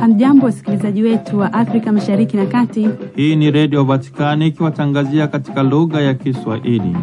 Hamjambo, wasikilizaji wetu wa Afrika Mashariki na Kati. Hii ni Redio Vatikani ikiwatangazia katika lugha ya Kiswahili.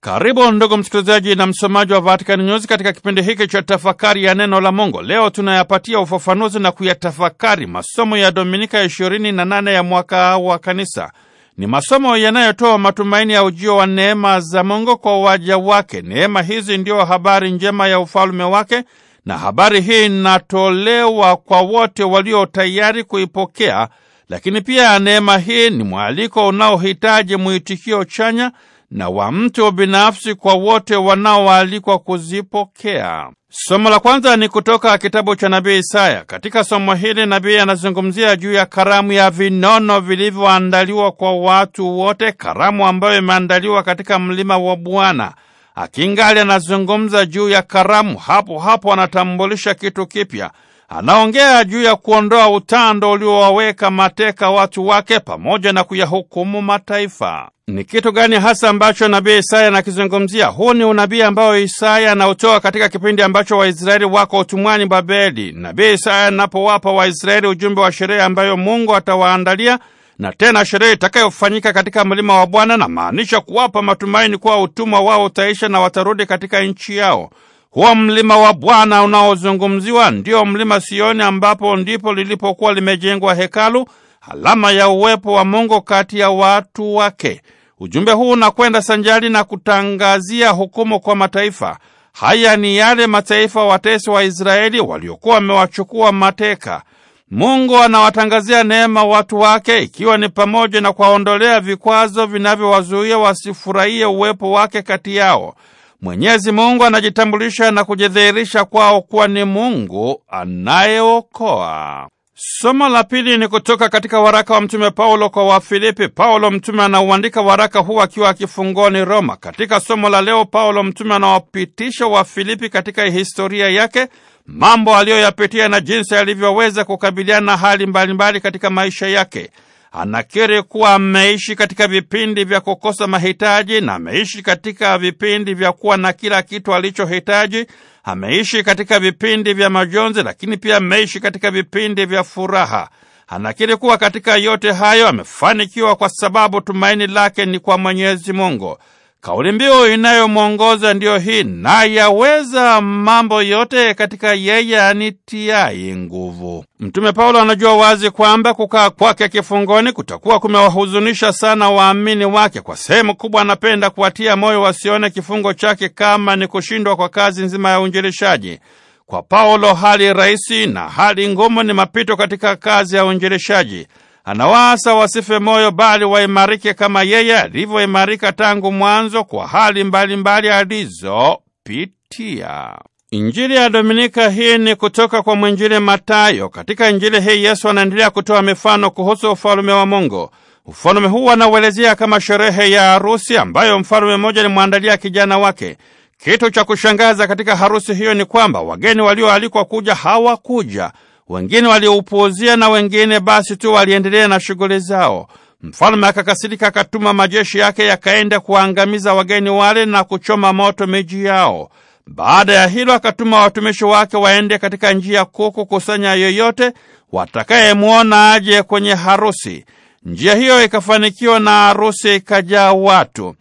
Karibu ndugu msikilizaji na msomaji wa Vatican News katika kipindi hiki cha tafakari ya neno la Mungu. Leo tunayapatia ufafanuzi na kuyatafakari masomo ya Dominika ya 28 ya mwaka wa Kanisa ni masomo yanayotoa matumaini ya ujio wa neema za Mungu kwa waja wake. Neema hizi ndio habari njema ya ufalume wake, na habari hii inatolewa kwa wote walio tayari kuipokea. Lakini pia neema hii ni mwaliko unaohitaji mwitikio chanya na wa mtu binafsi kwa wote wanaoalikwa kuzipokea. Somo la kwanza ni kutoka kitabu cha nabii Isaya. Katika somo hili nabii anazungumzia juu ya karamu ya vinono vilivyoandaliwa kwa watu wote, karamu ambayo imeandaliwa katika mlima wa Bwana. Akingali anazungumza juu ya karamu, hapo hapo anatambulisha kitu kipya. Anaongea juu ya kuondoa utando uliowaweka mateka watu wake pamoja na kuyahukumu mataifa. Ni kitu gani hasa ambacho nabii Isaya anakizungumzia? Huu ni unabii ambao Isaya anautoa katika kipindi ambacho Waisraeli wako utumwani Babeli. Nabii Isaya anapowapa Waisraeli ujumbe wa sherehe ambayo Mungu atawaandalia na tena sherehe itakayofanyika katika mlima wa Bwana, na maanisha kuwapa matumaini kuwa utumwa wao utaisha na watarudi katika nchi yao. Huo mlima wa Bwana unaozungumziwa ndio mlima Sioni, ambapo ndipo lilipokuwa limejengwa hekalu, alama ya uwepo wa Mungu kati ya watu wake. Ujumbe huu unakwenda sanjari na kutangazia hukumu kwa mataifa. Haya ni yale mataifa watesi wa Israeli waliokuwa wamewachukua mateka. Mungu anawatangazia neema watu wake, ikiwa ni pamoja na kuwaondolea vikwazo vinavyowazuia wasifurahie uwepo wake kati yao. Mwenyezi Mungu anajitambulisha na kujidhihirisha kwao kuwa ni Mungu anayeokoa. Somo la pili ni kutoka katika waraka wa mtume Paulo kwa Wafilipi. Paulo mtume anauandika waraka huu akiwa akifungoni Roma. Katika somo la leo, Paulo mtume anawapitisha Wafilipi katika historia yake, mambo aliyoyapitia na jinsi alivyoweza kukabiliana na hali mbalimbali mbali katika maisha yake. Anakiri kuwa ameishi katika vipindi vya kukosa mahitaji na ameishi katika vipindi vya kuwa na kila kitu alichohitaji Ameishi katika vipindi vya majonzi, lakini pia ameishi katika vipindi vya furaha. Anakiri kuwa katika yote hayo amefanikiwa kwa sababu tumaini lake ni kwa Mwenyezi Mungu. Kauli mbiu inayomwongoza ndiyo hii, nayaweza mambo yote katika yeye anitiaye nguvu. Mtume Paulo anajua wazi kwamba kukaa kwake kifungoni kutakuwa kumewahuzunisha sana waamini wake. Kwa sehemu kubwa, anapenda kuwatia moyo wasione kifungo chake kama ni kushindwa kwa kazi nzima ya uinjilishaji. Kwa Paulo, hali rahisi na hali ngumu ni mapito katika kazi ya uinjilishaji. Anawaasa wasife moyo, bali waimarike kama yeye alivyoimarika tangu mwanzo kwa hali mbalimbali alizopitia. Injili ya Dominika hii ni kutoka kwa mwinjili Matayo. Katika injili hii Yesu anaendelea kutoa mifano kuhusu ufalume wa Mungu. Ufalume huu anauelezea kama sherehe ya harusi ambayo mfalume mmoja alimwandalia kijana wake. Kitu cha kushangaza katika harusi hiyo ni kwamba wageni walioalikwa kuja hawakuja wengine waliupuuzia na wengine basi tu waliendelea na shughuli zao. Mfalme akakasirika, akatuma majeshi yake yakaenda kuwaangamiza wageni wale na kuchoma moto miji yao. Baada ya hilo, akatuma watumishi wake waende katika njia kuu kukusanya yoyote watakayemwona aje kwenye harusi. Njia hiyo ikafanikiwa na harusi ikajaa watu.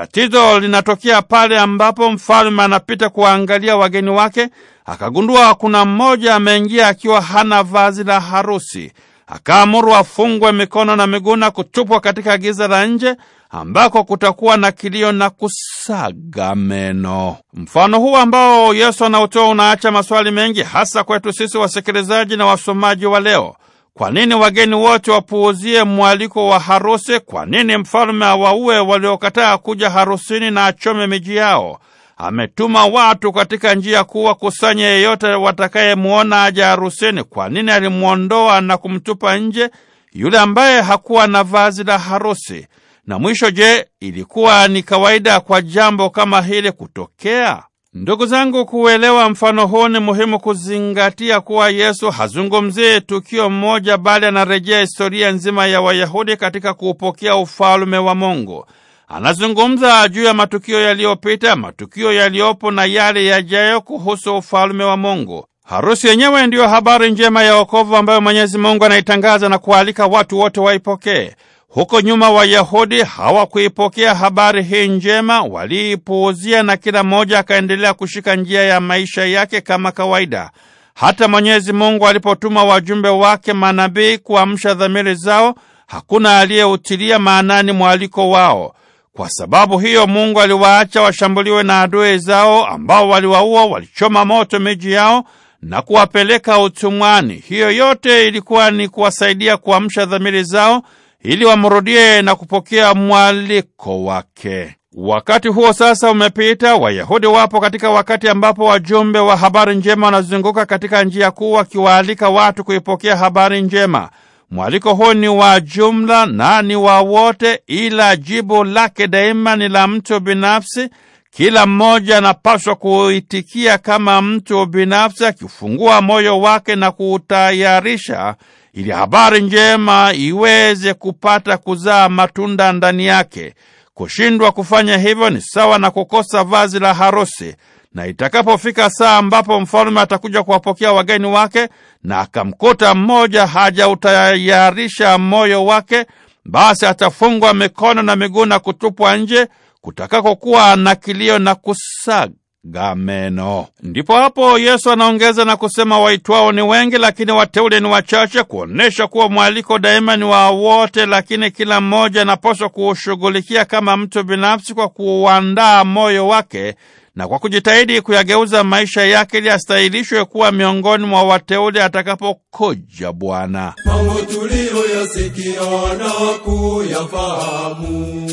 Tatizo linatokea pale ambapo mfalme anapita kuwaangalia wageni wake, akagundua kuna mmoja ameingia akiwa hana vazi la harusi, akaamuru afungwe mikono na miguu na kutupwa katika giza la nje ambako kutakuwa na kilio na kusaga meno. Mfano huu ambao Yesu anautoa unaacha maswali mengi, hasa kwetu sisi wasikilizaji na wasomaji wa leo. Kwa nini wageni wote wapuuzie mwaliko wa harusi? Kwa nini mfalme awaue waliokataa kuja harusini na achome miji yao? Ametuma watu katika njia kuwa kusanya yeyote watakayemwona aja harusini. Kwa nini alimwondoa na kumtupa nje yule ambaye hakuwa na vazi la harusi? Na mwisho, je, ilikuwa ni kawaida kwa jambo kama hili kutokea? Ndugu zangu, kuelewa mfano huu ni muhimu kuzingatia kuwa Yesu hazungumzii tukio mmoja, bali anarejea historia nzima ya Wayahudi katika kuupokea ufalume wa Mungu. Anazungumza juu ya matukio yaliyopita, matukio yaliyopo na yale yajayo kuhusu ufalume wa Mungu. Harusi yenyewe ndiyo habari njema ya wokovu ambayo Mwenyezi Mungu anaitangaza na kualika watu wote waipokee. Huko nyuma Wayahudi hawakuipokea habari hii njema, waliipuuzia na kila mmoja akaendelea kushika njia ya maisha yake kama kawaida. Hata Mwenyezi Mungu alipotuma wajumbe wake manabii kuamsha dhamiri zao, hakuna aliyeutilia maanani mwaliko wao. Kwa sababu hiyo, Mungu aliwaacha washambuliwe na adui zao ambao waliwaua, walichoma moto miji yao na kuwapeleka utumwani. Hiyo yote ilikuwa ni kuwasaidia kuamsha dhamiri zao ili wamrudie na kupokea mwaliko wake. Wakati huo sasa umepita. Wayahudi wapo katika wakati ambapo wajumbe wa habari njema wanazunguka katika njia kuu wakiwaalika watu kuipokea habari njema. Mwaliko huu ni wa jumla na ni wa wote, ila jibu lake daima ni la mtu binafsi kila mmoja anapaswa kuitikia kama mtu binafsi, akifungua moyo wake na kuutayarisha ili habari njema iweze kupata kuzaa matunda ndani yake. Kushindwa kufanya hivyo ni sawa na kukosa vazi la harusi. Na itakapofika saa ambapo mfalme atakuja kuwapokea wageni wake na akamkuta mmoja hajautayarisha moyo wake, basi atafungwa mikono na miguu na kutupwa nje kutaka kwa kuwa na kilio na kusaga meno. Ndipo hapo Yesu anaongeza na kusema, waitwao ni wengi, lakini wateule ni wachache, kuonesha kuwa mwaliko daima ni wa wote, lakini kila mmoja anapaswa kuushughulikia kama mtu binafsi kwa kuuandaa moyo wake na kwa kujitahidi kuyageuza maisha yake ili astahilishwe kuwa miongoni mwa wateule atakapokuja Bwana. Mambo tuliyoyasikia na kuyafahamu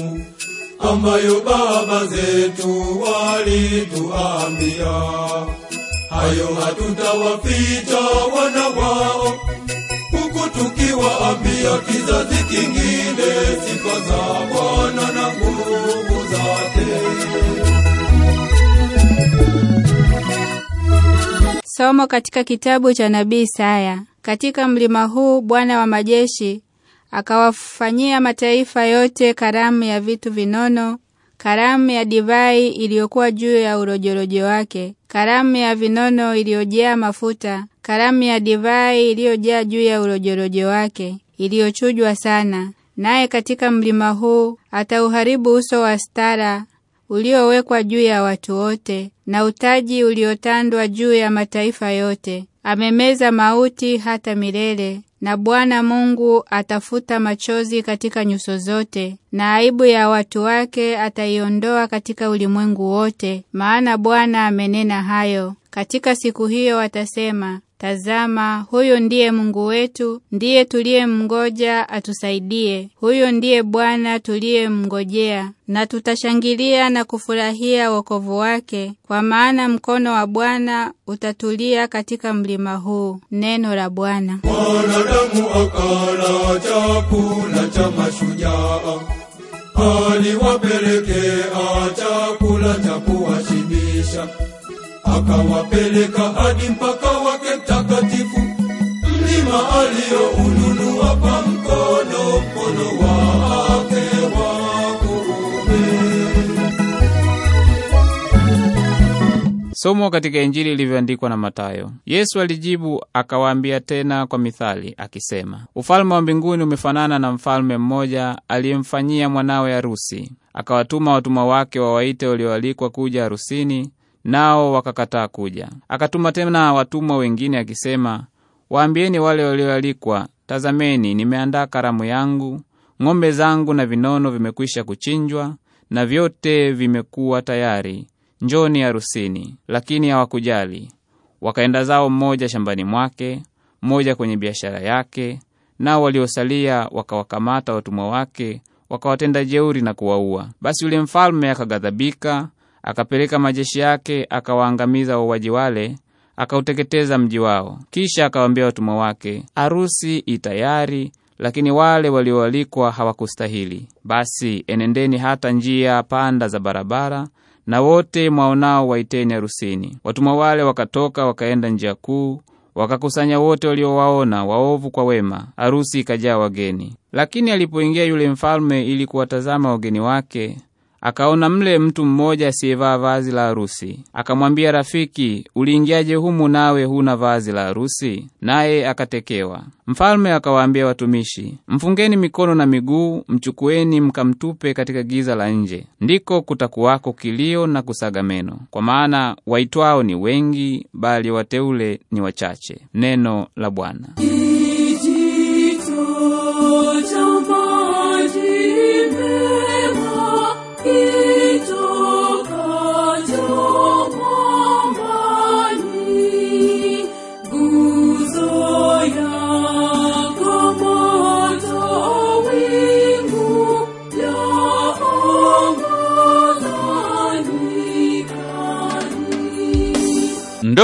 ambayo baba zetu walituambia, hayo hatutawaficha wana wao, huku tukiwaambia kizazi kingine sifa za Bwana na nguvu zake. Somo katika kitabu cha nabii Isaya. Katika mlima huu Bwana wa majeshi akawafanyia mataifa yote karamu ya vitu vinono, karamu ya divai iliyokuwa juu ya urojorojo wake, karamu ya vinono iliyojaa mafuta, karamu ya divai iliyojaa juu ya urojorojo wake, iliyochujwa sana. Naye katika mlima huu atauharibu uso wa stara uliowekwa juu ya watu wote na utaji uliotandwa juu ya mataifa yote amemeza mauti hata milele, na Bwana Mungu atafuta machozi katika nyuso zote, na aibu ya watu wake ataiondoa katika ulimwengu wote, maana Bwana amenena hayo. Katika siku hiyo watasema, Tazama, huyu ndiye Mungu wetu, ndiye tuliyemngoja atusaidie. Huyu ndiye Bwana tuliyemngojea, na tutashangilia na kufurahia wokovu wake, kwa maana mkono wa Bwana utatulia katika mlima huu. Neno la Bwana. Mwanadamu akala chakula cha mashujaa, aliwapelekea chakula cha kuwashibisha akawapeleka hadi mpaka wake mtakatifu, mlima alioununua kwa mkono mkono wake wa kuume. Somo katika Injili ilivyoandikwa na Matayo. Yesu alijibu akawaambia tena kwa mithali akisema, ufalme wa mbinguni umefanana na mfalme mmoja aliyemfanyia mwanawe harusi, akawatuma watumwa wake wawaite walioalikwa kuja harusini nao wakakataa kuja. Akatuma tena watumwa wengine akisema, waambieni wale walioalikwa, tazameni, nimeandaa karamu yangu, ng'ombe zangu na vinono vimekwisha kuchinjwa na vyote vimekuwa tayari, njoni harusini. Lakini hawakujali. Wakaenda zao, mmoja shambani mwake, mmoja kwenye biashara yake, nao waliosalia wakawakamata watumwa wake wakawatenda jeuri na kuwaua. Basi yule mfalme akaghadhabika akapeleka majeshi yake akawaangamiza wauaji wale, akauteketeza mji wao. Kisha akawaambia watumwa wake, arusi itayari, lakini wale walioalikwa hawakustahili. Basi enendeni hata njia panda za barabara na wote mwaonao waiteni harusini. Watumwa wale wakatoka wakaenda njia kuu, wakakusanya wote waliowaona waovu kwa wema. arusi ikajaa wageni. Lakini alipoingia yule mfalme ili kuwatazama wageni wake, akaona mle mtu mmoja asiyevaa vazi la harusi. Akamwambia, rafiki, uliingiaje humu nawe huna vazi la harusi? Naye akatekewa. Mfalme akawaambia watumishi, mfungeni mikono na miguu, mchukueni mkamtupe katika giza la nje, ndiko kutakuwako kilio na kusaga meno, kwa maana waitwao ni wengi, bali wateule ni wachache. Neno la Bwana.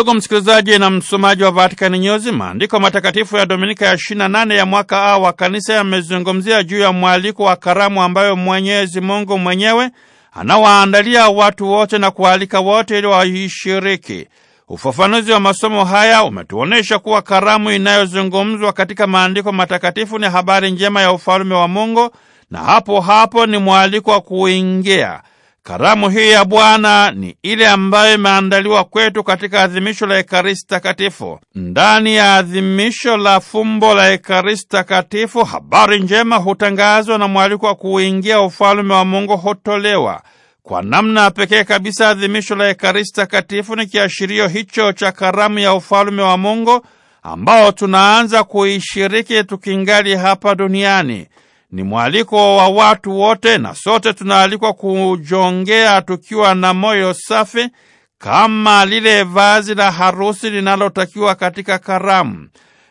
Ndugu msikilizaji na msomaji wa Vatican News, maandiko matakatifu ya Dominika ya 28 ya mwaka A wa kanisa yamezungumzia juu ya mwaliko wa karamu ambayo Mwenyezi Mungu mwenyewe anawaandalia watu wote na kualika wote ili waishiriki. Ufafanuzi wa masomo haya umetuonyesha kuwa karamu inayozungumzwa katika maandiko matakatifu ni habari njema ya ufalme wa Mungu, na hapo hapo ni mwaliko wa kuingia Karamu hii ya Bwana ni ile ambayo imeandaliwa kwetu katika adhimisho la Ekaristi Takatifu. Ndani ya adhimisho la fumbo la Ekaristi Takatifu, habari njema hutangazwa na mwaliko wa kuingia ufalme wa Mungu hutolewa. Kwa namna ya pekee kabisa, adhimisho la Ekaristi Takatifu ni kiashirio hicho cha karamu ya ufalme wa Mungu ambao tunaanza kuishiriki tukingali hapa duniani ni mwaliko wa watu wote, na sote tunaalikwa kujongea tukiwa na moyo safi kama lile vazi la harusi linalotakiwa katika karamu.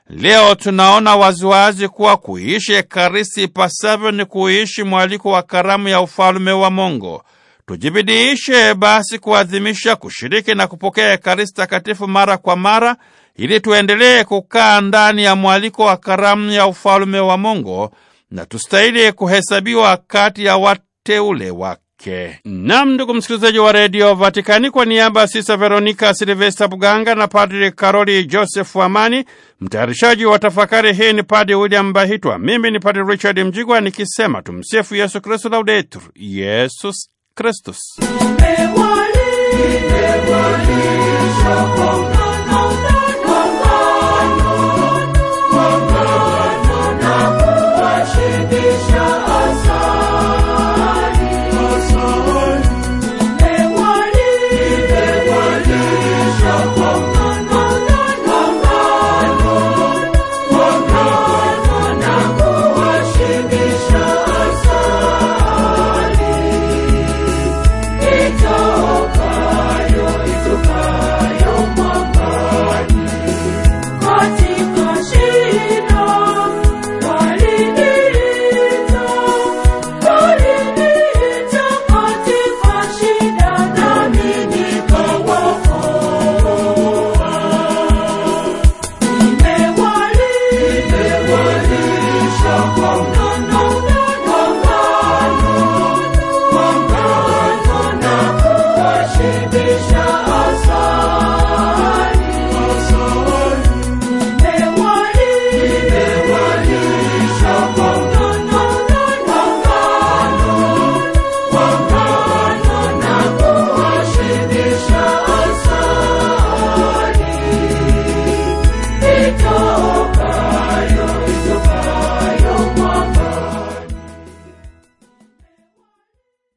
Leo tunaona waziwazi kuwa kuishi Ekaristi ipasavyo ni kuishi mwaliko wa karamu ya ufalume wa Mungu. Tujibidiishe basi kuadhimisha, kushiriki na kupokea Ekaristi takatifu mara kwa mara, ili tuendelee kukaa ndani ya mwaliko wa karamu ya ufalume wa Mungu na tustahili kuhesabiwa kati ya wateule wake. Nam, ndugu msikilizaji wa redio Vatikani, kwa niaba ya Sisa Veronika Silvesta Buganga na Padri Karoli Josefu Amani, mtayarishaji wa tafakari hii ni Padri William Bahitwa. Mimi ni Padri Richard Mjigwa nikisema tumsifu Yesu Kristu, Laudetur Yesus Kristus.